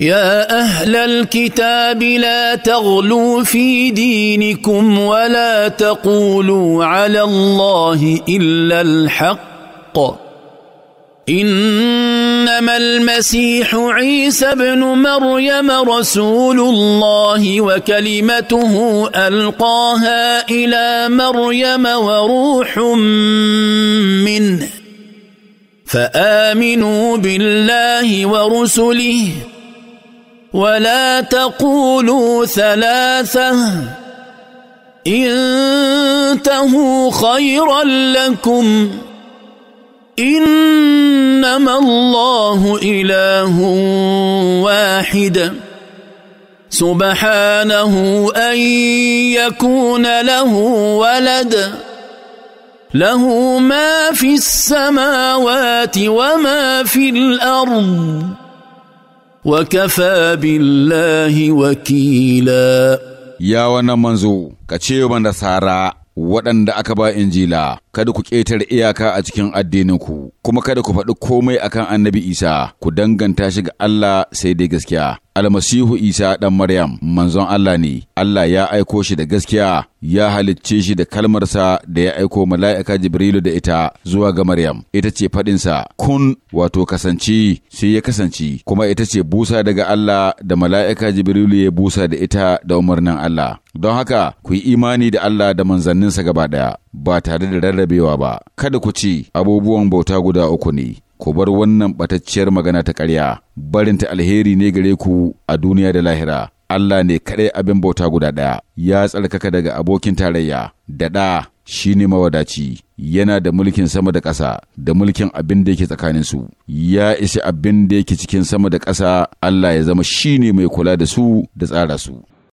يا اهل الكتاب لا تغلوا في دينكم ولا تقولوا على الله الا الحق انما المسيح عيسى ابن مريم رسول الله وكلمته القاها الى مريم وروح منه فامنوا بالله ورسله ولا تقولوا ثلاثه انتهوا خيرا لكم انما الله اله واحد سبحانه ان يكون له ولد له ما في السماوات وما في الارض وكفى بالله وكيلا يا ونمنزو كتشيو من سارة waɗanda aka ba injila kada ku ƙetare iyaka a cikin addininku, kuma kada ku faɗi komai akan annabi Isa, ku danganta shi ga Allah sai dai gaskiya. Almasihu Isa ɗan Maryam, manzon Allah ne, Allah ya aiko shi da gaskiya, ya halicce shi da kalmarsa da ya aiko mala'ika Jibrilu da ita zuwa ga Maryam, ita ce faɗinsa, kun wato kasance sai ya kasance, kuma ita ce busa daga Allah da mala'ika Jibrilu ya busa da ita da umarnin Allah. Don haka, ku yi imani da Allah da manzanninsa gaba ɗaya. ba tare da rarrabewa ba kada ku ce abubuwan bauta guda uku ne ku bar wannan ɓatacciyar magana ta ƙarya ta alheri ne gare ku a duniya da lahira Allah ne kaɗai abin bauta guda ɗaya ya tsarkaka daga abokin tarayya da ɗa shi ne mawadaci yana da mulkin sama da ƙasa da mulkin abin da yake tsakaninsu ya isa abin da yake cikin sama da ƙasa Allah ya zama shi ne mai kula da su da tsara su.